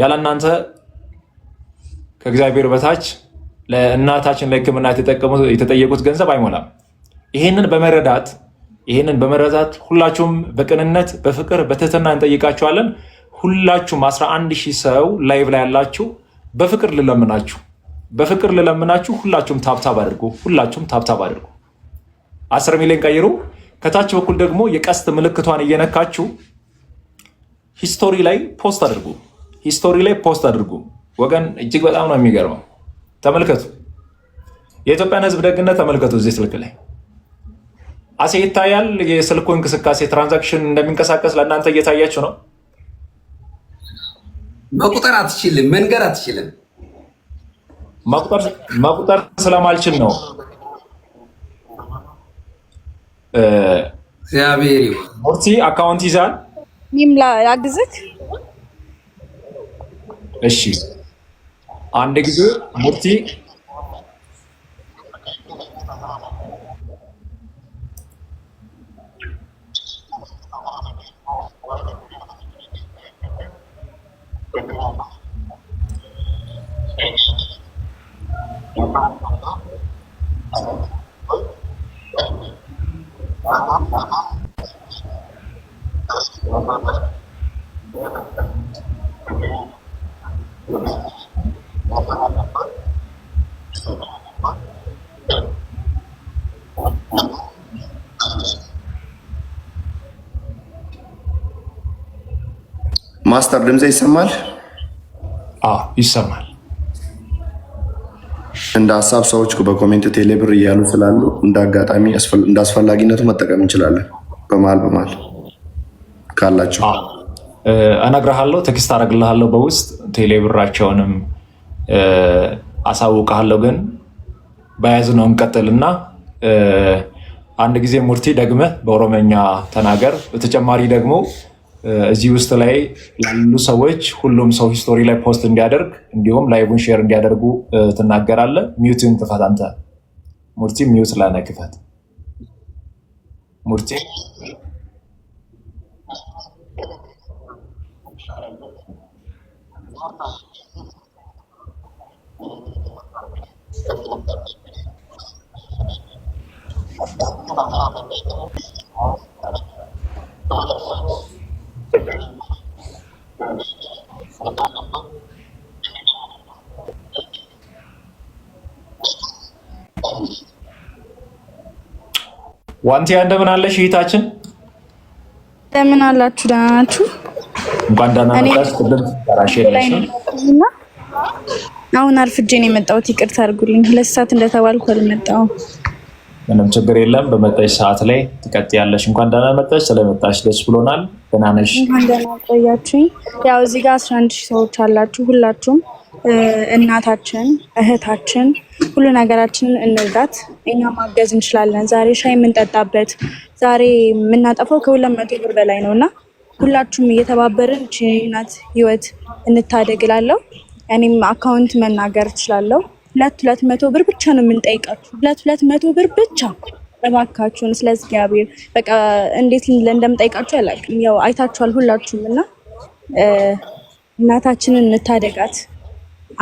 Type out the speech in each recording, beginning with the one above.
ያለ እናንተ ከእግዚአብሔር በታች ለእናታችን ለሕክምና የተጠየቁት ገንዘብ አይሞላም። ይህንን በመረዳት ይህንን በመረዳት ሁላችሁም በቅንነት በፍቅር በትህትና እንጠይቃችኋለን። ሁላችሁም 11 አንድ ሺህ ሰው ላይቭ ላይ ያላችሁ በፍቅር ልለምናችሁ በፍቅር ልለምናችሁ ሁላችሁም ታብታብ አድርጉ። ሁላችሁም ታብታብ አድርጉ። አስር ሚሊዮን ቀይሩ። ከታች በኩል ደግሞ የቀስት ምልክቷን እየነካችሁ ሂስቶሪ ላይ ፖስት አድርጉ። ሂስቶሪ ላይ ፖስት አድርጉ ወገን። እጅግ በጣም ነው የሚገርመው። ተመልከቱ፣ የኢትዮጵያን ህዝብ ደግነት ተመልከቱ። እዚህ ስልክ ላይ አሴ ይታያል። የስልኩ እንቅስቃሴ ትራንዛክሽን እንደሚንቀሳቀስ ለእናንተ እየታያችሁ ነው። መቁጠር አትችልም፣ መንገር አትችልም። መቁጠር ስለማልችል ነው። ሙርቲ አካውንት ይዛል። አግዝክ እሺ አንድ ጊዜ ሙርቲ ማስተር ድምፅ ይሰማል? አዎ ይሰማል። እንደ ሀሳብ ሰዎች በኮሜንት ቴሌብር እያሉ ስላሉ እንደ አጋጣሚ እንደ አስፈላጊነቱ መጠቀም እንችላለን። በመሀል በመሀል ካላቸው እነግርሃለሁ፣ ቴክስት አደርግልሃለሁ በውስጥ ቴሌብራቸውንም አሳውቀሃለሁ። ግን ነው እንቀጥልና አንድ ጊዜ ሙርቲ ደግመህ በኦሮመኛ ተናገር። በተጨማሪ ደግሞ እዚህ ውስጥ ላይ ያሉ ሰዎች ሁሉም ሰው ሂስቶሪ ላይ ፖስት እንዲያደርግ እንዲሁም ላይቡን ሼር እንዲያደርጉ ትናገራለህ። ሚዩትን ክፈት። አንተ ሙርቲ ሚዩት ላነ ክፈት። ሙርቲ ዋንቲያ እንደምን አለሽ እህታችን? እንደምን አላችሁ? ደህና ናችሁ? እንኳን ደህና መጣሽ። ቅድም ተራሽ የለሽም። አሁን አርፍጄ ነው የመጣሁት። ይቅርታ አድርጉልኝ። ሁለት ሰዓት እንደተባልኩ አልመጣሁም። ምንም ችግር የለም። በመጣሽ ሰዓት ላይ ትቀጥያለሽ። እንኳን ደህና መጣሽ። ስለመጣሽ ደስ ብሎናል። ደህና ነሽ? እንኳን ደህና ቆያችሁኝ። ያው እዚህ ጋር አስራ አንድ ሺህ ሰዎች አላችሁ። ሁላችሁም እናታችን፣ እህታችን፣ ሁሉ ነገራችንን እንርዳት። እኛ ማገዝ እንችላለን። ዛሬ ሻይ የምንጠጣበት ዛሬ የምናጠፋው ከሁለት መቶ ብር በላይ ነው እና ሁላችሁም እየተባበርን ችናት ህይወት እንታደግላለው። እኔም አካውንት መናገር ትችላለው። ሁለት ሁለት መቶ ብር ብቻ ነው የምንጠይቃችሁ። ሁለት ሁለት መቶ ብር ብቻ እባካችሁን ስለ እግዚአብሔር በቃ እንዴት እንደምጠይቃችሁ አላውቅም። ያው አይታችኋል ሁላችሁም እና እናታችንን እንታደጋት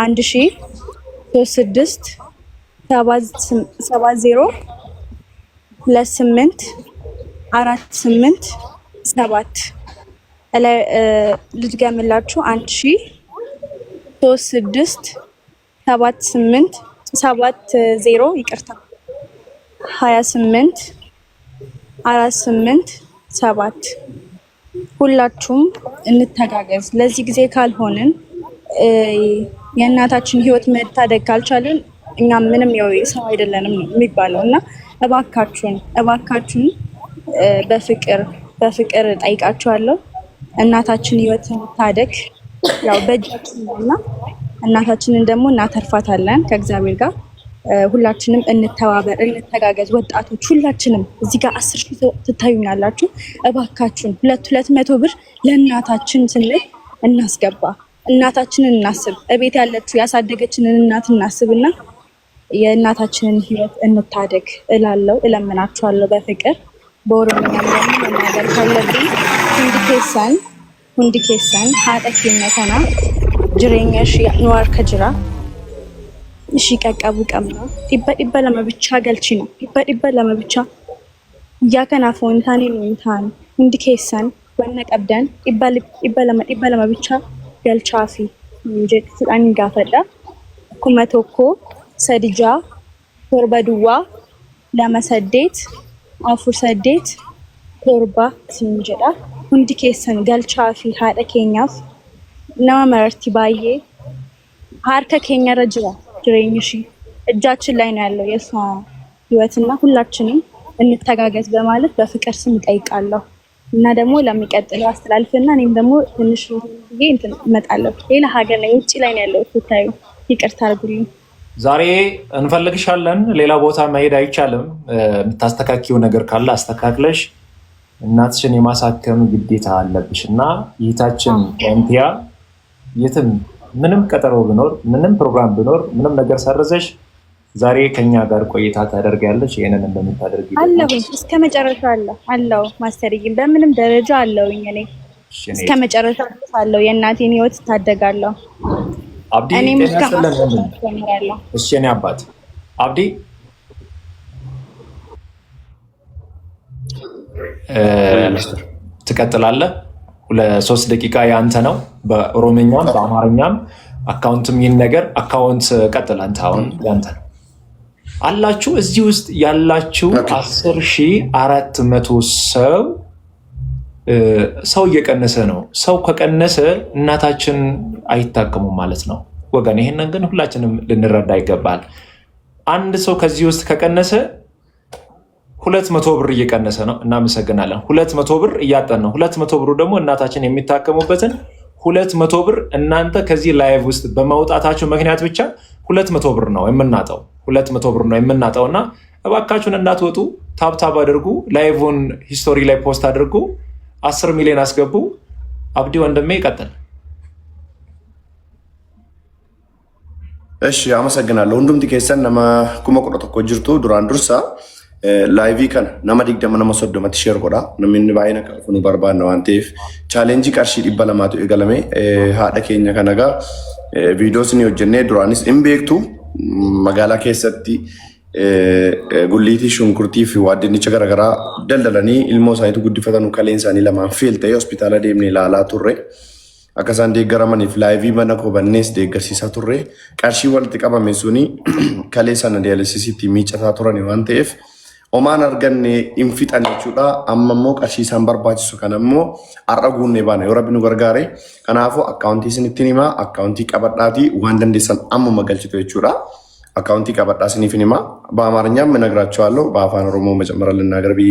አንድ ሺህ ሶስት ስድስት ሰባት ዜሮ ሁለት ስምንት አራት ስምንት ሰባት ልድገምላችሁ አንድ ሺ ሶስት ስድስት ሰባት ስምንት ሰባት ዜሮ ይቅርታ ሀያ ስምንት አራት ስምንት ሰባት ሁላችሁም እንተጋገዝ። ለዚህ ጊዜ ካልሆንን የእናታችን ህይወት መታደግ ካልቻልን እኛ ምንም ሰው አይደለንም ነው የሚባለው። እና እባካችሁን እባካችሁን በፍቅር በፍቅር ጠይቃችኋለሁ። እናታችን ህይወት ታደግ ያው በእጃችን እና እናታችንን ደግሞ እናተርፋታለን ከእግዚአብሔር ጋር ሁላችንም እንተባበር፣ እንተጋገዝ። ወጣቶች ሁላችንም እዚህ ጋር አስር ሺህ ትታዩኛላችሁ። እባካችሁን ሁለት ሁለት መቶ ብር ለእናታችን ስንል እናስገባ። እናታችንን እናስብ። እቤት ያለችው ያሳደገችንን እናት እናስብና የእናታችንን ህይወት እንታደግ እላለው እለምናችኋለሁ በፍቅር በኦሮምኛ መናገር ካለብኝ ሁንዲኬሰን ሁንዲኬሰን ሀጠፊ መተና ጅሬኛሽ ኑዋር ከጅራ እሺ ቀቀቡ ቀምና ዲበ ዲበ ለመብቻ ገልቺ ነው ዲበ ዲበ ለመብቻ እያከና ወንታኔ ኑንታን ሁንዲኬሰን ወነ ቀብደን ዲበ ለመብቻ ገልቻፊ ጀ ሱዳን ጋፈዳ ኩመቶኮ ሰድጃ ቶርበ ለመሰዴት አፉር ሰዴት ቶርባ ሲን jedha ኬሰን ገልቻ ፊ ሀደ ኬኛፍ keenyaaf መረርቲ ባዬ ሀርከ ኬኛ keenya irra jira እጃችን ላይ ነው ያለው የእሷ ህይወትና ሁላችንም እንተጋገዝ በማለት በፍቅር ስም እጠይቃለሁ እና ደግሞ ለሚቀጥለው አስተላልፍና እኔም ደግሞ ትንሽ ጊዜ እንትን እመጣለሁ። ሌላ ሀገር ላይ ውጭ ላይ ነው ያለው ስታዩ ይቅርታ አርጉልኝ። ዛሬ እንፈልግሻለን። ሌላ ቦታ መሄድ አይቻልም። የምታስተካኪው ነገር ካለ አስተካክለሽ እናትሽን የማሳከም ግዴታ አለብሽ እና ይህታችን ኤምፒያ የትም ምንም ቀጠሮ ብኖር ምንም ፕሮግራም ብኖር ምንም ነገር ሰርዘሽ ዛሬ ከኛ ጋር ቆይታ ታደርጊያለሽ። ይህንን እንደምታደርግ አለሁ እስከ መጨረሻ አለ አለው ማስተርዬ፣ በምንም ደረጃ አለውኝ እኔ እስከ መጨረሻ አለው። የእናቴን ህይወት እታደጋለሁ። አብዲ እሺ፣ እኔ አባት አብዲ ትቀጥላለህ። ለሶስት ደቂቃ የአንተ ነው። በኦሮምኛም በአማርኛም አካውንትም ይህን ነገር አካውንት ቀጥል። አንተ አሁን ያንተ ነው አላችሁ። እዚህ ውስጥ ያላችሁ አስር ሺህ አራት መቶ ሰው ሰው እየቀነሰ ነው። ሰው ከቀነሰ እናታችን አይታከሙም ማለት ነው ወገን። ይሄንን ግን ሁላችንም ልንረዳ ይገባል። አንድ ሰው ከዚህ ውስጥ ከቀነሰ ሁለት መቶ ብር እየቀነሰ ነው። እናመሰግናለን። ሁለት መቶ ብር እያጠን ነው። ሁለት መቶ ብሩ ደግሞ እናታችን የሚታከሙበትን ሁለት መቶ ብር እናንተ ከዚህ ላይቭ ውስጥ በመውጣታቸው ምክንያት ብቻ ሁለት መቶ ብር ነው የምናጠው። ሁለት መቶ ብር ነው የምናጠው እና እባካችሁን እንዳትወጡ ታብታብ አድርጉ። ላይቭን ሂስቶሪ ላይ ፖስት አድርጉ። አስር ሚሊዮን አስገቡ። አብዲ ወንድሜ ይቀጥል። እሺ አመሰግናለሁ። ሁንዱም ቲኬሰን ነማ ኩመ ቁረ ቶኮ ጅርቱ ዱራን ዱርሳ ላይቪ ከን ነማ ዲግደመ ነመ ሶዶ መት ሼር ጎዳ ነሚን ባይነ ቀፉኑ በርባን ነው አንቴፍ ቻሌንጂ ቀርሺ ዲበ ኢገለሜ ሀደ ኬኛ ከነጋ ቪዲዮስኒ ወጀኔ ዱራኒስ ኢምቤክቱ መጋላ ኬሰቲ gulliitii shunkurtii fi waadinicha garaagaraa daldalanii ilmoo isaaniitu guddifatanu kaleen isaanii lamaan ta'e hospitaala deemnee ilaalaa turre. Akka isaan deeggaramaniif laayivii mana kobannees deeggarsiisaa turre. Qarshii walitti qabame suni kalee sana diyaalisiisitti miicataa turani waan ta'eef omaan arganne hin fixan jechuudha. Amma immoo qarshii isaan barbaachisu kan ammoo har'a guunnee baana yoo rabbi nu gargaare. Kanaafuu akkaawuntii ittiin himaa akkaawuntii qabadhaatii waan dandeessan ammuma galchitu jechuudha. አካውንቲ ቀበጣ ሲኒፊኒማ በአማርኛም እነግራቸዋለሁ በአፋን ኦሮሞ መጀመሪያ ልናገር ብዬ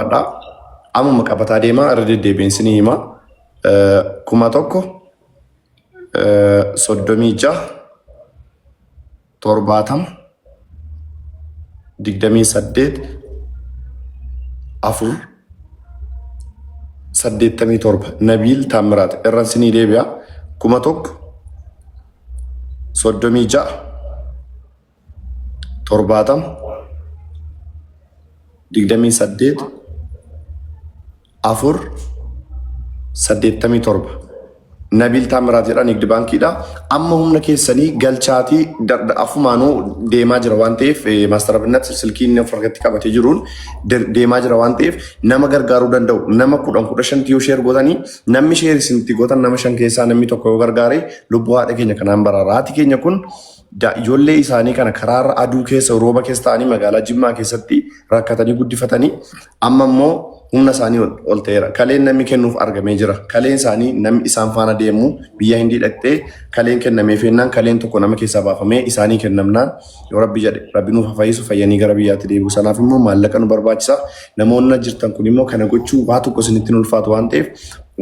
ቀበጣ አሙ መቀበታ ዴማ ርድዴ ቤንስኒማ ኩማ ቶኮ ሶዶሚ ቶርባታም ድግደሚ ሰዴት አፉር ሰዴተሚ ቶርባ ነቢል ታምራት እረንስኒ ዴቢያ ኩማ soddomii ja'a torbaatama digdamii saddeet afur saddeettamii torba nabiil taammiraat jedhan nigdi baankiidha. Amma humna keessanii galchaatii afumaanuu deemaa jira waan ta'eef maastarabinnat silkii inni of harkatti qabatee jiruun deemaa jira waan ta'eef nama gargaaruu danda'u nama kudhan kudha shanti yoo sheer gootanii namni sheer isinitti gootan nama shan keessaa namni tokko yoo gargaare lubbuu haadha keenya kanaan baraara. Haati keenya kun ijoollee isaanii kana karaarra aduu keessa rooba keessa ta'anii magaalaa Jimmaa keessatti rakkatanii guddifatanii amma immoo humna isaanii ol ta'eera. Kaleen namni kennuuf argamee jira. Kaleen isaanii namni isaan faana deemu biyya hin dhaqxee kaleen kennamee feennaan kaleen tokko nama keessaa baafamee isaanii kennamnaan yoo rabbi jedhe rabbi nuuf hafayyisu fayyanii gara biyyaatti deebi'u. Sanaaf immoo maallaqa nu barbaachisa. Namoonni jirtan kun immoo kana gochuu waa tokko isinitti hin ulfaatu waan ta'eef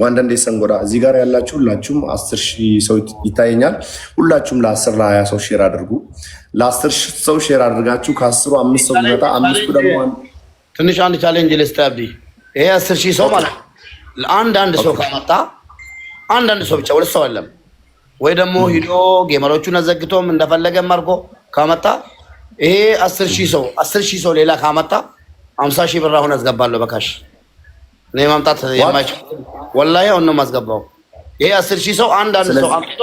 waan dandeessan godha እዚህ ጋር ያላችሁ ሁላችሁም አስር ሺህ ሰው ይታየኛል። ሁላችሁም ለአስር ለሀያ ሰው ሼር አድርጉ። ለአስር ሰው ሼር አድርጋችሁ ከአስሩ አምስት ሰው ይመጣ አምስቱ ደግሞ ትንሽ አንድ ቻሌንጅ ልስጥ አብዲ ይሄ አስር ሺህ ሰው ማለት ለአንድ አንድ ሰው ካመጣ አንድ አንድ ሰው ብቻ ሁለት ሰው አለም ወይ ደግሞ ሂዶ ጌመሮቹን አዘግቶም እንደፈለገም አድርጎ ካመጣ ይሄ አስር ሺህ ሰው አስር ሺህ ሰው ሌላ ካመጣ አምሳ ሺህ ብር አሁን አስገባለሁ በካሽ እኔ ማምጣት የማይችል ወላሂ አሁን ነው የማስገባው። ይሄ አስር ሺህ ሰው አንድ አንድ ሰው አምጥቶ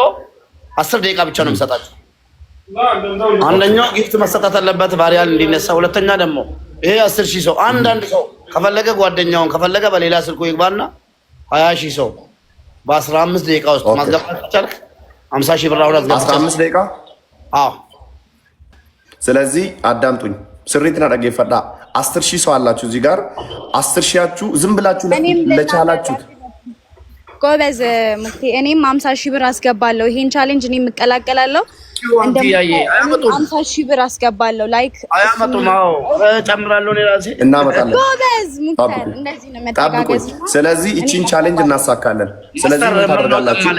አስር ደቂቃ ብቻ ነው የምሰጣቸው። አንደኛው ጊፍት መሰጣት አለበት፣ ቫይራል እንዲነሳ። ሁለተኛ ደግሞ ይሄ አስር ሺህ ሰው አንድ አንድ ሰው ከፈለገ ጓደኛውን ከፈለገ በሌላ ስልኩ ይግባና ሀያ ሺህ ሰው በአስራ አምስት ደቂቃ ውስጥ ማስገባት ቻልክ፣ ሀምሳ ሺህ ብር አሁን አስገባ። አስራ አምስት ደቂቃ። አዎ። ስለዚህ አዳምጡኝ። ስሪትን አደገ ይፈዳ አስር ሺህ ሰው አላችሁ እዚህ ጋር አስር ሺያችሁ ዝም ብላችሁ ለቻላችሁት ጎበዝ ሙፍቲ፣ እኔም አምሳ ሺህ ብር አስገባለሁ። ይሄን ቻሌንጅ እኔ እቀላቀላለሁ። አምሳ ሺህ ብር አስገባለሁ። ላይክ እናመጣለን። ጎበዝ እንደዚህ ነው ስለዚህ እቺን ቻሌንጅ እናሳካለን። ስለዚህ ታደርጋላችሁ።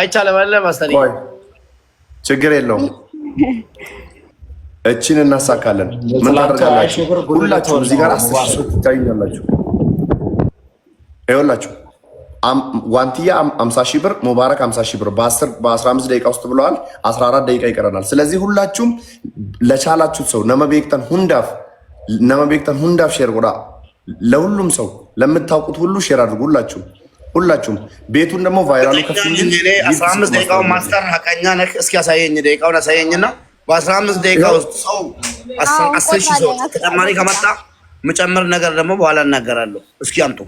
አይቻልም አለ ማስተር። ችግር የለውም። እቺን እናሳካለን። ምን ታደርጋላችሁ? ሁላችሁም እዚህ ጋር አስተሳሰብ ታዩኛላችሁ። ይኸውላችሁ ዋንትያ 50 ሺህ ብር፣ ሙባረክ 50 ሺህ ብር በ15 ደቂቃ ውስጥ ብለዋል። 14 ደቂቃ ይቀረናል። ስለዚህ ሁላችሁም ለቻላችሁት ሰው ነመቤክተን ሁንዳፍ ነመቤክተን ሁንዳፍ ሼር ጎዳ ለሁሉም ሰው ለምታውቁት ሁሉ ሼር አድርጉ። ሁላችሁም ሁላችሁም ቤቱን ደግሞ ቫይራሉ ከፍ እንጂ እኔ 15 ደቂቃውን ማስተር ሀቀኛ ነህ። እስኪ አሳየኝ፣ ደቂቃውን አሳየኝና በ15 ደቂቃ ውስጥ ሰው 10 ሺህ ሰው ተጨማሪ ከመጣ ምጨምር ነገር ደግሞ በኋላ እናገራለሁ። እስኪ አምጡ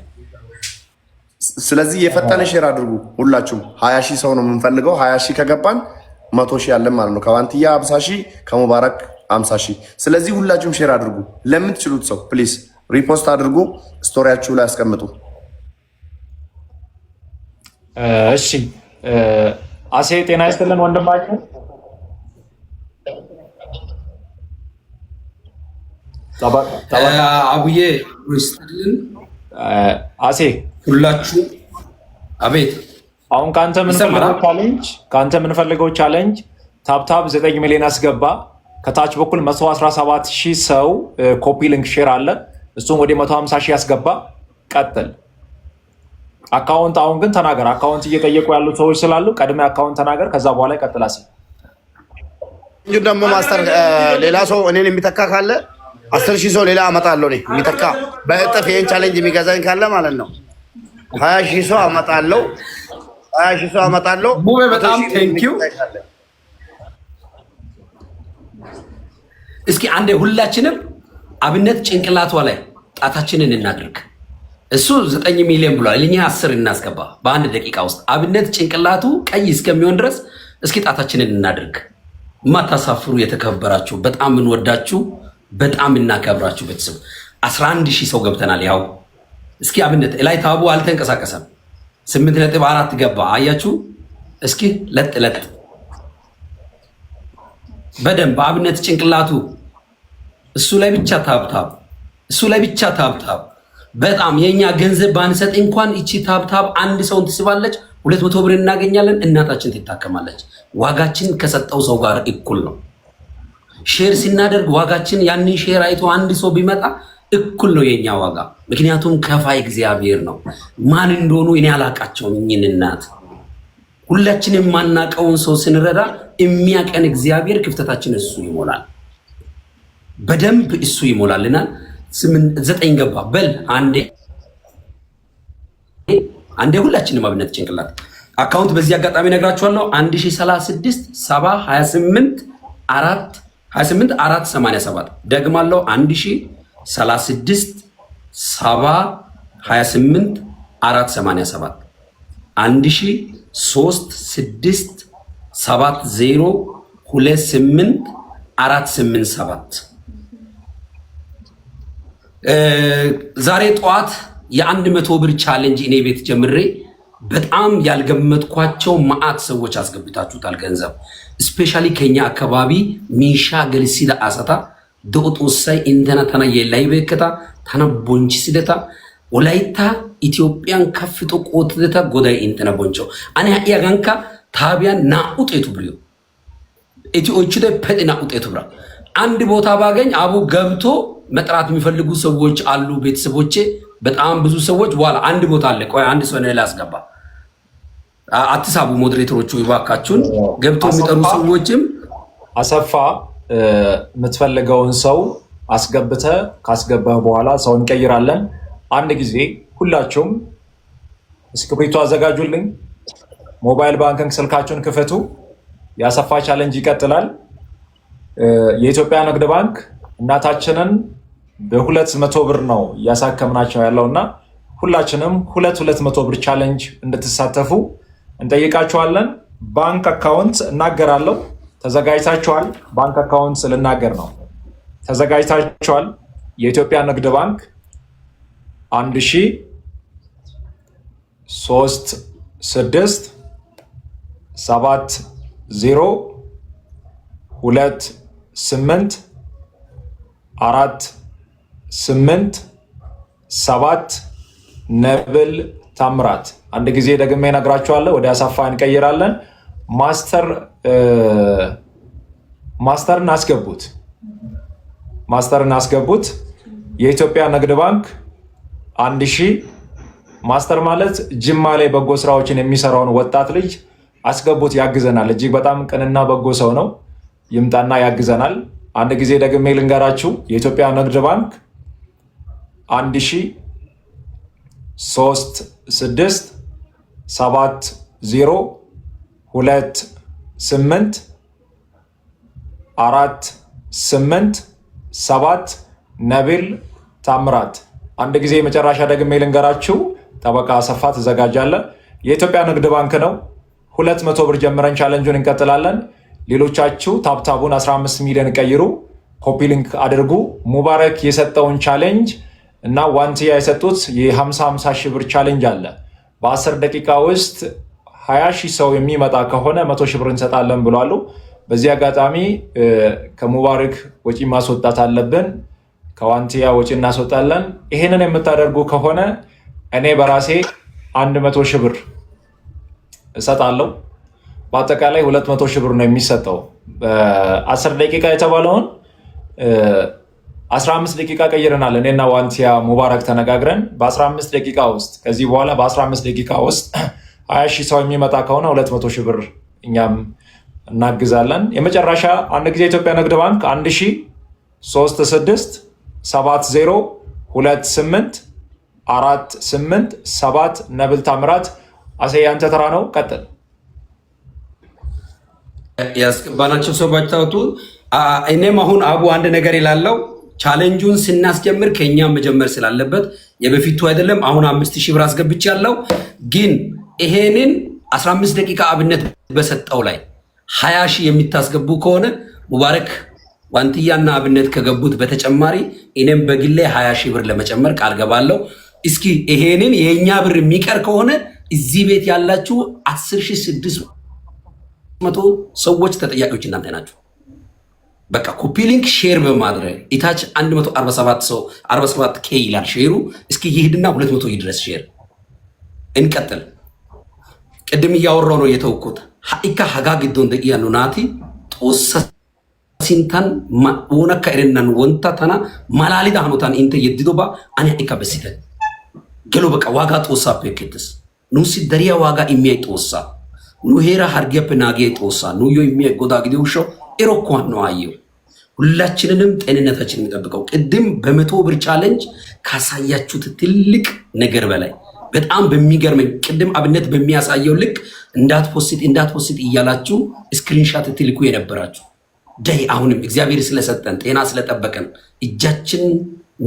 ስለዚህ የፈጠነ ሼር አድርጉ ሁላችሁም። ሀያ ሺህ ሰው ነው የምንፈልገው። ሀያ ሺህ ከገባን መቶ ሺህ አለን ማለት ነው። ከባንትያ ሀምሳ ሺህ ከሙባረክ አምሳ ሺህ። ስለዚህ ሁላችሁም ሼር አድርጉ ለምትችሉት ሰው ፕሊዝ ሪፖስት አድርጉ፣ ስቶሪያችሁ ላይ አስቀምጡ። እሺ አሴ ጤና ይስጥልን ወንድማችን። አቡዬ አሴ ሁላችሁ አቤት። አሁን ከአንተ ምንፈልገው ቻሌንጅ ከአንተ ምንፈልገው ቻሌንጅ ታብታብ ዘጠኝ ሚሊዮን አስገባ። ከታች በኩል 117 ሺህ ሰው ኮፒ ሊንክ ሼር አለ። እሱም ወደ መቶ 150 ሺህ ያስገባ። ቀጥል አካውንት። አሁን ግን ተናገር። አካውንት እየጠየቁ ያሉት ሰዎች ስላሉ ቀድሜ አካውንት ተናገር። ከዛ በኋላ ቀጥላ ሲል እንጂ ደግሞ ማስተር ሌላ ሰው እኔን የሚተካ ካለ አስር ሺህ ሰው ሌላ አመጣለሁ እኔ የሚተካ በእጥፍ ይህን ቻሌንጅ የሚገዛኝ ካለ ማለት ነው። ሀያ ሺህ ሰው አመጣለሁ። ሀያ ሺህ ሰው አመጣለሁ። ሙቤ በጣም ቴንኪው። እስኪ አንዴ ሁላችንም አብነት ጭንቅላቷ ላይ ጣታችንን እናድርግ። እሱ ዘጠኝ ሚሊዮን ብሏል። እኛ አስር እናስገባ በአንድ ደቂቃ ውስጥ። አብነት ጭንቅላቱ ቀይ እስከሚሆን ድረስ እስኪ ጣታችንን እናድርግ። የማታሳፍሩ የተከበራችሁ፣ በጣም እንወዳችሁ፣ በጣም እናከብራችሁ ቤተሰብ አስራ አንድ ሺህ ሰው ገብተናል ያው እስኪ አብነት ላይ ታቡ አልተንቀሳቀሰም። ስምንት ነጥብ አራት ገባ። አያችሁ እስኪ ለጥ ለጥ በደንብ አብነት ጭንቅላቱ እሱ ላይ ብቻ ታብታብ፣ እሱ ላይ ብቻ ታብታብ። በጣም የእኛ ገንዘብ ባንሰጥ እንኳን ይቺ ታብታብ አንድ ሰውን ትስባለች። ሁለት መቶ ብር እናገኛለን። እናታችን ትታከማለች። ዋጋችን ከሰጠው ሰው ጋር እኩል ነው። ሼር ስናደርግ ዋጋችን ያንን ሼር አይቶ አንድ ሰው ቢመጣ እኩል ነው የኛ ዋጋ። ምክንያቱም ከፋይ እግዚአብሔር ነው። ማን እንደሆኑ እኔ አላቃቸውም። እኝን እናት ሁላችን የማናቀውን ሰው ስንረዳ የሚያቀን እግዚአብሔር ክፍተታችን እሱ ይሞላል፣ በደንብ እሱ ይሞላልናል። ዘጠኝ ገባ በል አንዴ አንዴ ሁላችንም አብነት ጭንቅላት አካውንት በዚህ አጋጣሚ ነግራችኋለሁ። 1036 7 28 4 28 4 87 ደግማለሁ 1 36 7 28 487 13 6 70 28 487 ዛሬ ጠዋት የአንድ መቶ ብር ቻሌንጅ እኔ ቤት ጀምሬ በጣም ያልገመጥኳቸው መዓት ሰዎች አስገብታችሁታል። ገንዘብ ስፔሻሊ ከኛ አካባቢ ሚሻ ገልሲዳ አሰታ Du'u Xoossay inttena tana yeellayibeekketa, tana bonchchisideta, wolaytta Itoophphiyan kaffi xoqqu oottideta goday inttena bonchcho. Ane ha'i hagankka taabiyan naa"u xeetu biriyo eti oychchidoy pexe naa"u xeetu bira አንድ ቦታ ባገኝ አቡ ገብቶ መጥራት የሚፈልጉ ሰዎች አሉ። ቤተሰቦቼ በጣም ብዙ ሰዎች በኋላ አንድ ቦታ አለ። ቆይ አንድ ሰው ላይ አስገባ። አትሳቡ ሞዴሬተሮቹ ይባካችሁን። ገብቶ የሚጠሩ ሰዎችም አሰፋ የምትፈልገውን ሰው አስገብተ ካስገባ በኋላ ሰው እንቀይራለን። አንድ ጊዜ ሁላችሁም እስክሪብቶ አዘጋጁልኝ፣ ሞባይል ባንክን ስልካችሁን ክፈቱ። የአሰፋ ቻለንጅ ይቀጥላል። የኢትዮጵያ ንግድ ባንክ እናታችንን በሁለት መቶ ብር ነው እያሳከምናቸው ያለው እና ሁላችንም ሁለት ሁለት መቶ ብር ቻለንጅ እንድትሳተፉ እንጠይቃችኋለን። ባንክ አካውንት እናገራለሁ ተዘጋጅታችኋል? ባንክ አካውንት ስልናገር ነው። ተዘጋጅታችኋል? የኢትዮጵያ ንግድ ባንክ አንድ ሺ ሶስት ስድስት ሰባት ዜሮ ሁለት ስምንት አራት ስምንት ሰባት ነብል ታምራት። አንድ ጊዜ ደግሜ እነግራችኋለሁ። ወደ አሳፋ እንቀይራለን ማስተር ማስተርን አስገቡት ማስተርን አስገቡት። የኢትዮጵያ ንግድ ባንክ አንድ ሺህ ማስተር ማለት ጅማ ላይ በጎ ስራዎችን የሚሰራውን ወጣት ልጅ አስገቡት፣ ያግዘናል። እጅግ በጣም ቅንና በጎ ሰው ነው። ይምጣና ያግዘናል። አንድ ጊዜ ደግሜ ልንገራችሁ የኢትዮጵያ ንግድ ባንክ አንድ ሺህ ሶስት ስድስት ሰባት ዜሮ ሁለት ስምንት አራት ስምንት ሰባት ነቢል ታምራት። አንድ ጊዜ መጨረሻ ደግሜ ልንገራችሁ። ጠበቃ አሰፋ ትዘጋጃለ። የኢትዮጵያ ንግድ ባንክ ነው። ሁለት መቶ ብር ጀምረን ቻለንጁን እንቀጥላለን። ሌሎቻችሁ ታብታቡን 15 ሚሊዮን ቀይሩ፣ ኮፒ ሊንክ አድርጉ። ሙባረክ የሰጠውን ቻሌንጅ እና ዋንትያ የሰጡት የ50 50 ሺህ ብር ቻሌንጅ አለ በ10 ደቂቃ ውስጥ ሀያ ሺህ ሰው የሚመጣ ከሆነ መቶ ሺህ ብር እንሰጣለን ብሏሉ። በዚህ አጋጣሚ ከሙባረክ ወጪ ማስወጣት አለብን፣ ከዋንቲያ ወጪ እናስወጣለን። ይሄንን የምታደርጉ ከሆነ እኔ በራሴ አንድ መቶ ሺህ ብር እሰጣለሁ። በአጠቃላይ ሁለት መቶ ሺህ ብር ነው የሚሰጠው። በአስር ደቂቃ የተባለውን አስራ አምስት ደቂቃ ቀይረናል። እኔና ዋንቲያ ሙባረክ ተነጋግረን በአስራ አምስት ደቂቃ ውስጥ ከዚህ በኋላ በአስራ አምስት ደቂቃ ውስጥ ሀያ ሺህ ሰው የሚመጣ ከሆነ ሁለት መቶ ሺህ ብር እኛም እናግዛለን። የመጨረሻ አንድ ጊዜ የኢትዮጵያ ንግድ ባንክ አንድ ሺ ሶስት ስድስት ሰባት ዜሮ ሁለት ስምንት አራት ስምንት ሰባት ነብል ታምራት አሴ ያንተ ተራ ነው። ቀጥል። ያስገባናቸው ሰው ባታወቱ። እኔም አሁን አቡ አንድ ነገር ይላለው ቻሌንጁን ስናስጀምር ከኛ መጀመር ስላለበት የበፊቱ አይደለም። አሁን አምስት ሺህ ብር አስገብቻለሁ ግን ይሄንን 15 ደቂቃ አብነት በሰጠው ላይ 20 ሺህ የሚታስገቡ ከሆነ ሙባረክ ዋንትያና አብነት ከገቡት በተጨማሪ እኔም በግሌ 20 ሺህ ብር ለመጨመር ቃል ገባለሁ። እስኪ ይሄንን የእኛ ብር የሚቀር ከሆነ እዚህ ቤት ያላችሁ 10600 ሰዎች ተጠያቂዎች እናንተ ናችሁ። በቃ ኮፒ ሊንክ ሼር በማድረግ ኢታች 147 ሰው 47 ኬ ይላል ሼሩ። እስኪ ይሄድና 200 ይድረስ ሼር። እንቀጥል። ቅድም እያወራው ነው የተውኩት። ሀኢካ ሀጋ ግዶ እንደያ ኑናቲ ጦሰ ሲንታን ወነካ ኤረናን ወንታ ተና መላሊዳ ሀኖታን እንተ የድዶባ አኒ ሀኢካ በሲተ ገሎ በቃ ዋጋ ጦሳ ፔኬትስ ኑሲ ደሪያ ዋጋ የሚያይ ጦሳ ኑ ሄራ ሀርጊያፕ ናጊያ ጦሳ ኑዮ የሚያይ ጎዳ ግዲ ውሻው ኤሮኳን ነው አየው ሁላችንንም ጤንነታችን የሚጠብቀው ቅድም በመቶ ብር ቻለንጅ ካሳያችሁት ትልቅ ነገር በላይ በጣም በሚገርም ቅድም አብነት በሚያሳየው ልክ እንዳትፖስት እንዳትፖስት እያላችሁ ስክሪንሻት ትልኩ የነበራችሁ ደይ አሁንም እግዚአብሔር ስለሰጠን ጤና ስለጠበቀን እጃችን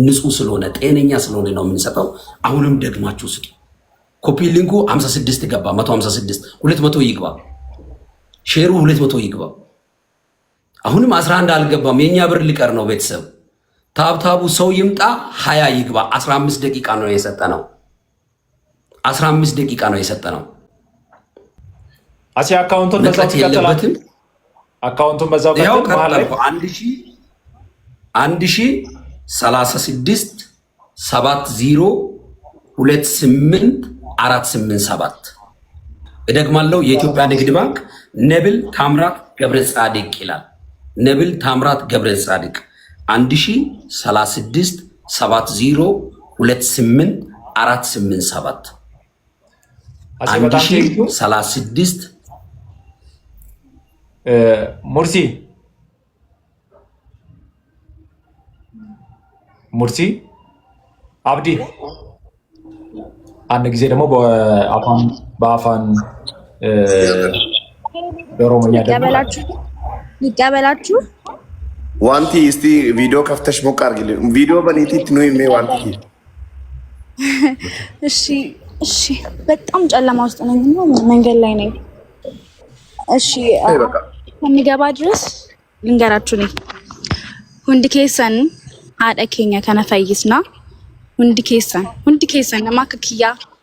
ንጹህ ስለሆነ ጤነኛ ስለሆነ ነው የምንሰጠው። አሁንም ደግማችሁ ስጡ። ኮፒ ሊንኩ 56 ገባ፣ 156 200 ይግባ፣ ሼሩ 200 ይግባ። አሁንም 11 አልገባም፣ የኛ ብር ሊቀር ነው። ቤተሰብ ታብታቡ ሰው ይምጣ፣ 20 ይግባ። 15 ደቂቃ ነው የሰጠ ነው። 15 ደቂቃ ነው የሰጠነው። ነው። አካውንቱን አንድ ሺ ሰላሳ ስድስት ሰባት ሁለት ስምንት አራት ስምንት ሰባት እደግማለሁ። የኢትዮጵያ ንግድ ባንክ ነብል ታምራት ገብረ ጻድቅ ይላል። ነብል ታምራት ገብረ ጻድቅ አንድ ሺ ሰላሳ ስድስት ሰባት ዚሮ ሁለት ስምንት አራት ስምንት ሰባት አንድ ሺ ሰላሳ ስድስት ሙርሲ ሙርሲ አብዲ አንድ ጊዜ ደግሞ በአፋን በኦሮሞኛ ይቀበላችሁ። ዋንቲ እስቲ ቪዲዮ ከፍተሽ ሞቅ አድርጊልኝ። ቪዲዮ በኔቲት ነው ዋንቲ እሺ እሺ፣ በጣም ጨለማ ውስጥ ነኝ እና መንገድ ላይ ነኝ። እሺ፣ ከሚገባ ድረስ ልንገራችሁ ነኝ። ሁንድ ኬሰን ሀደ ኬኛ ከነፈይስና ሁንድ ኬሰን ሁንድ ኬሰን ማከክያ ክያ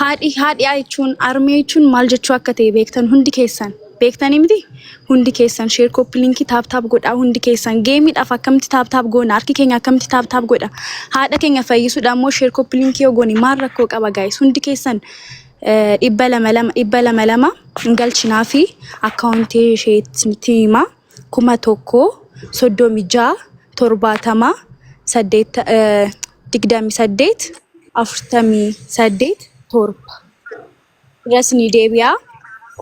ሀዲ ሀዲ አይቹን አርሜቹን ማልጀቹ አከቴ ቤክተን ሁንድ ኬሰን beektanii miti hundi keessan sheer koppilinkii taaptaap godhaa hundi keessan geemiidhaaf akkamitti taaptaap goona harki keenya akkamitti taaptaap godha haadha keenya fayyisuudha ammoo sheer koppilinkii goone maal rakkoo qaba gaayis hundi keessan dhibba lama lama dhibba lama lama galchinaa fi akkaawuntii isheetti hima kuma tokko soddomi ja'a torbaatama saddeet digdami saddeet afurtami saddeet torba irras ni deebi'a.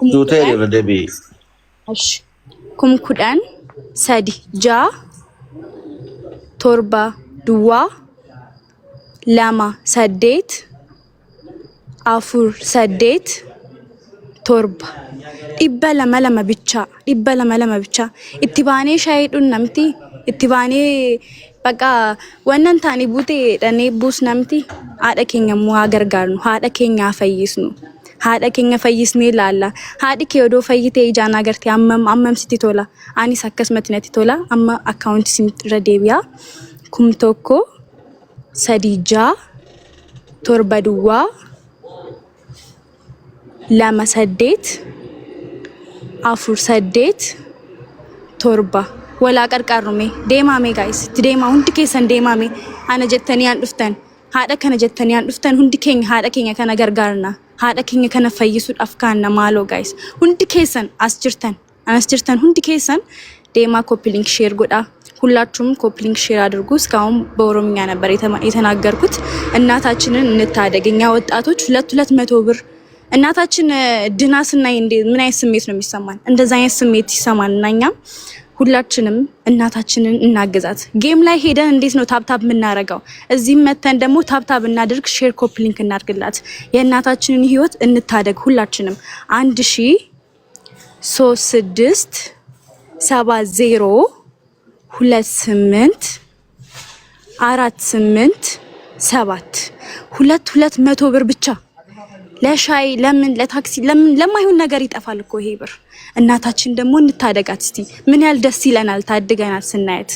Tuutee irra deebi'i. Kum kudhan sadi ja'a torba duwwaa lama saddeet afur saddeet torba dhibba lama lama bicha dhibba lama lama bicha itti baanee shaayii namti itti baanee በቃ ወነን ታኒ ቡቴ ደኔ ቡስ ነምቲ አደ ኬኛ ሙሃ ገርጋር ነው አደ ኬኛ haadha keenya fayyisnee ilaalla. Haadhi kee odoo fayyitee ijaan agartee ammam ammam sitti tola. Anis akkasumatti natti tola. Amma akkaawunti irra deebi'a. Kum tokko sadii ja'a torba duwwaa lama saddeet afur saddeet torba walaa qarqarrume deemaame gaa'is itti deemaa hundi keessan deemaame ana jettanii an dhuftan haadha kana jettanii an dhuftan hundi keenya haadha keenya kana gargaarna. haadha keenya kana fayyisuudhaaf kaanna maaloo gaayis hundi keessan as jirtan anas jirtan hundi keessan deemaa ኮፒሊንክ ሼር godha ሁላችሁም ኮፒሊንክ ሼር አድርጉ። እስካሁን በኦሮምኛ ነበር የተናገርኩት። እናታችንን እንታደግ እኛ ወጣቶች ሁለት ሁለት መቶ ብር እናታችን ድና ስናይ ምን አይነት ስሜት ነው የሚሰማን? እንደዛ አይነት ስሜት ይሰማን እና እኛም ሁላችንም እናታችንን እናግዛት። ጌም ላይ ሄደን እንዴት ነው ታብታብ የምናረገው? እዚህም መተን ደግሞ ታብታብ እናድርግ፣ ሼር ኮፕ ሊንክ እናድርግላት። የእናታችንን ህይወት እንታደግ ሁላችንም። አንድ ሺ ሶስት ስድስት ሰባ ዜሮ ሁለት ስምንት አራት ስምንት ሰባት ሁለት ሁለት መቶ ብር ብቻ ለሻይ ለምን ለታክሲ ለምን ለማይሆን ነገር ይጠፋል እኮ ይሄ ብር። እናታችን ደግሞ እንታደጋት እስቲ። ምን ያህል ደስ ይለናል ታድገናት ስናየት።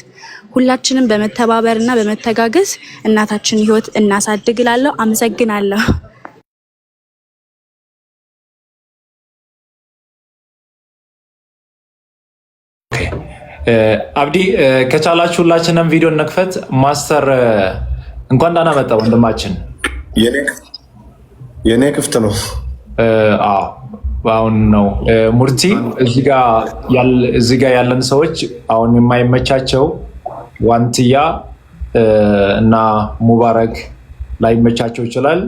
ሁላችንም በመተባበርና በመተጋገዝ እናታችን ህይወት እናሳድግላለሁ። አመሰግናለሁ። አብዲ ከቻላችሁ ሁላችንም ቪዲዮ እንክፈት። ማስተር እንኳን ዳና መጣ ወንድማችን የእኔ ክፍት ነው። አሁን ነው ሙርቲ፣ እዚህ ጋ ያለን ሰዎች አሁን የማይመቻቸው ዋንትያ እና ሙባረክ ላይመቻቸው ይችላል።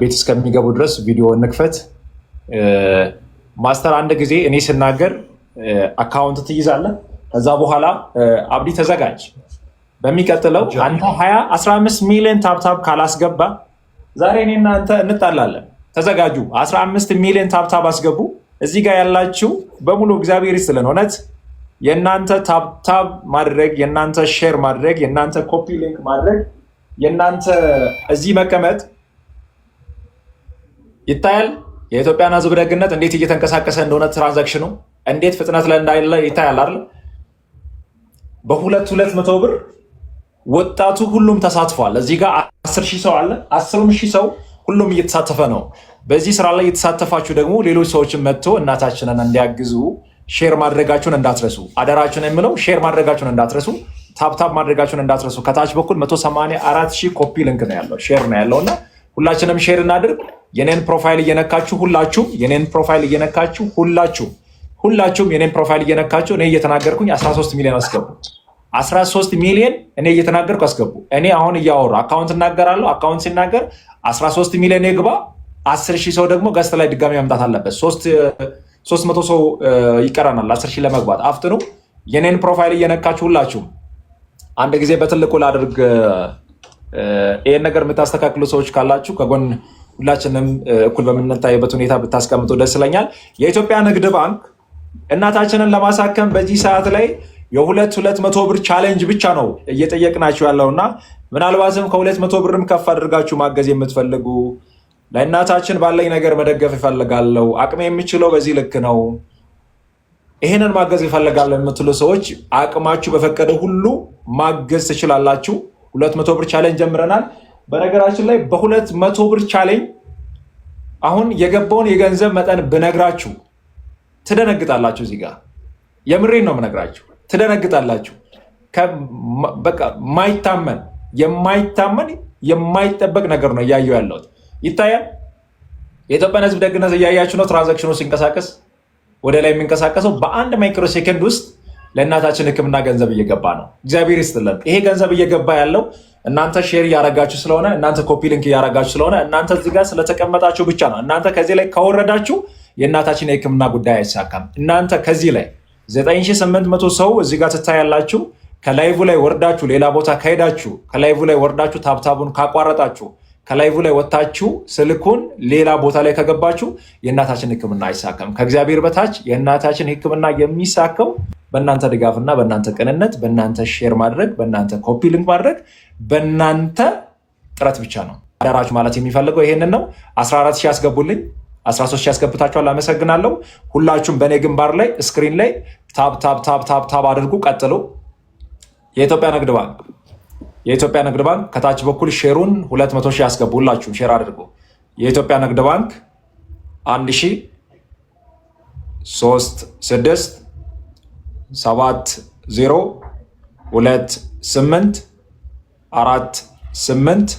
ቤት እስከሚገቡ ድረስ ቪዲዮ እንክፈት። ማስተር፣ አንድ ጊዜ እኔ ስናገር አካውንት ትይዛለህ። ከዛ በኋላ አብዲ ተዘጋጅ። በሚቀጥለው አንተ 215 ሚሊዮን ታፕታፕ ካላስገባ ዛሬ እኔ እናንተ እንጣላለን፣ ተዘጋጁ። 15 ሚሊዮን ታብታብ አስገቡ። እዚህ ጋር ያላችሁ በሙሉ እግዚአብሔር ይስጥልን። እውነት የእናንተ ታብታብ ማድረግ፣ የእናንተ ሼር ማድረግ፣ የእናንተ ኮፒ ሊንክ ማድረግ፣ የእናንተ እዚህ መቀመጥ ይታያል። የኢትዮጵያን ሕዝብ ደግነት እንዴት እየተንቀሳቀሰ እንደሆነ ትራንዛክሽኑ እንዴት ፍጥነት ላይ እንዳለ ይታያል አይደል? በሁለት ሁለት መቶ ብር ወጣቱ ሁሉም ተሳትፏል። እዚህ ጋር አስር ሺህ ሰው አለ። አስሩም ሺህ ሰው ሁሉም እየተሳተፈ ነው። በዚህ ስራ ላይ የተሳተፋችሁ ደግሞ ሌሎች ሰዎችን መጥቶ እናታችንን እንዲያግዙ ሼር ማድረጋችሁን እንዳትረሱ፣ አደራችሁን የምለው ሼር ማድረጋችሁን እንዳትረሱ፣ ታፕታፕ ማድረጋችሁን እንዳትረሱ። ከታች በኩል 184 ሺህ ኮፒ ሊንክ ነው ያለው ሼር ነው ያለው እና ሁላችንም ሼር እናድርግ። የኔን ፕሮፋይል እየነካችሁ ሁላችሁ የኔን ፕሮፋይል እየነካችሁ ሁላችሁ ሁላችሁም የኔን ፕሮፋይል እየነካችሁ እኔ እየተናገርኩኝ 13 ሚሊዮን አስገቡ። 13 ሚሊዮን እኔ እየተናገርኩ አስገቡ። እኔ አሁን እያወሩ አካውንት እናገራለሁ። አካውንት ሲናገር 13 ሚሊዮን የግባ፣ 10 ሺህ ሰው ደግሞ ገስት ላይ ድጋሚ መምጣት አለበት። 300 መቶ ሰው ይቀረናል 10 ሺህ ለመግባት። አፍትኑ የኔን ፕሮፋይል እየነካችሁ ሁላችሁም አንድ ጊዜ በትልቁ ላድርግ። ይህን ነገር የምታስተካክሉ ሰዎች ካላችሁ ከጎን ሁላችንም እኩል በምንታይበት ሁኔታ ብታስቀምጡ ደስ ይለኛል። የኢትዮጵያ ንግድ ባንክ እናታችንን ለማሳከም በዚህ ሰዓት ላይ የሁለት ሁለት መቶ ብር ቻሌንጅ ብቻ ነው እየጠየቅናችሁ ያለውና ምናልባትም ከሁለት መቶ ብርም ከፍ አድርጋችሁ ማገዝ የምትፈልጉ ለእናታችን ባለኝ ነገር መደገፍ ይፈልጋለው አቅሜ የሚችለው በዚህ ልክ ነው፣ ይህንን ማገዝ ይፈልጋለሁ የምትሉ ሰዎች አቅማችሁ በፈቀደ ሁሉ ማገዝ ትችላላችሁ። ሁለት መቶ ብር ቻሌንጅ ጀምረናል። በነገራችን ላይ በሁለት መቶ ብር ቻሌንጅ አሁን የገባውን የገንዘብ መጠን ብነግራችሁ ትደነግጣላችሁ። እዚህ ጋር የምሬን ነው የምነግራችሁ ትደነግጣላችሁ። በቃ ማይታመን የማይታመን የማይጠበቅ ነገር ነው እያየሁ ያለሁት። ይታያል። የኢትዮጵያን ሕዝብ ደግነት እያያችሁ ነው። ትራንዛክሽኑ ሲንቀሳቀስ ወደ ላይ የሚንቀሳቀሰው በአንድ ማይክሮ ውስጥ ለእናታችን ሕክምና ገንዘብ እየገባ ነው። እግዚአብሔር ይስጥልን። ይሄ ገንዘብ እየገባ ያለው እናንተ ሼር እያረጋችሁ ስለሆነ፣ እናንተ ኮፒ ሊንክ እያረጋችሁ ስለሆነ፣ እናንተ እዚህ ጋር ስለተቀመጣችሁ ብቻ ነው። እናንተ ከዚህ ላይ ከወረዳችሁ የእናታችን የሕክምና ጉዳይ አይሳካም። እናንተ ከዚህ ላይ 9800 ሰው እዚህ ጋር ትታያላችሁ። ከላይቭ ላይ ወርዳችሁ ሌላ ቦታ ከሄዳችሁ ከላይቭ ላይ ወርዳችሁ ታብታቡን ካቋረጣችሁ ከላይቭ ላይ ወጥታችሁ ስልኩን ሌላ ቦታ ላይ ከገባችሁ የእናታችን ሕክምና አይሳከም ከእግዚአብሔር በታች የእናታችን ሕክምና የሚሳከው በእናንተ ድጋፍና በእናንተ ቅንነት፣ በእናንተ ሼር ማድረግ፣ በእናንተ ኮፒ ሊንክ ማድረግ፣ በእናንተ ጥረት ብቻ ነው። አዳራችሁ ማለት የሚፈልገው ይሄንን ነው። 14 ሺህ ያስገቡልኝ። 13 ሺህ ያስገብታችኋል። አመሰግናለሁ። ሁላችሁም በእኔ ግንባር ላይ ስክሪን ላይ ታብ ታብ ታብ ታብ ታብ አድርጉ። ቀጥሉ። የኢትዮጵያ ንግድ ባንክ የኢትዮጵያ ንግድ ባንክ ከታች በኩል ሼሩን 200 ሺህ ያስገቡ። ሁላችሁም ሼር አድርጉ። የኢትዮጵያ ንግድ ባንክ 1 ሺህ 3 6 7 0 2 8 4 8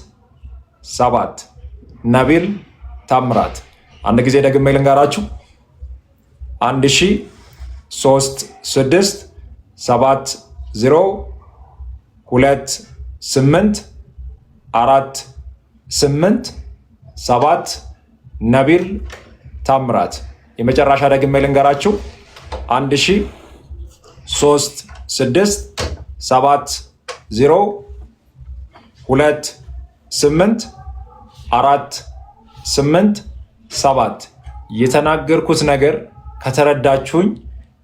7 ነቢል ታምራት አንድ ጊዜ ደግሜ ልንገራችሁ። አንድ ሺ ሶስት ስድስት ሰባት ዜሮ ሁለት ስምንት አራት ስምንት ሰባት ነቢር ታምራት። የመጨረሻ ደግሜ ልንገራችሁ። አንድ ሺ ሶስት ስድስት ሰባት ዜሮ ሁለት ስምንት አራት ስምንት ሰባት የተናገርኩት ነገር ከተረዳችሁኝ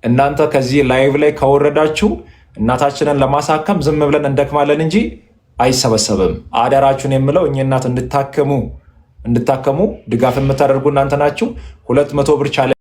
እናንተ ከዚህ ላይቭ ላይ ከወረዳችሁ እናታችንን ለማሳከም ዝም ብለን እንደክማለን እንጂ አይሰበሰብም። አደራችሁን የምለው እኚህ እናት እንድታከሙ ድጋፍ የምታደርጉ እናንተ ናችሁ። ሁለት መቶ ብር ቻለ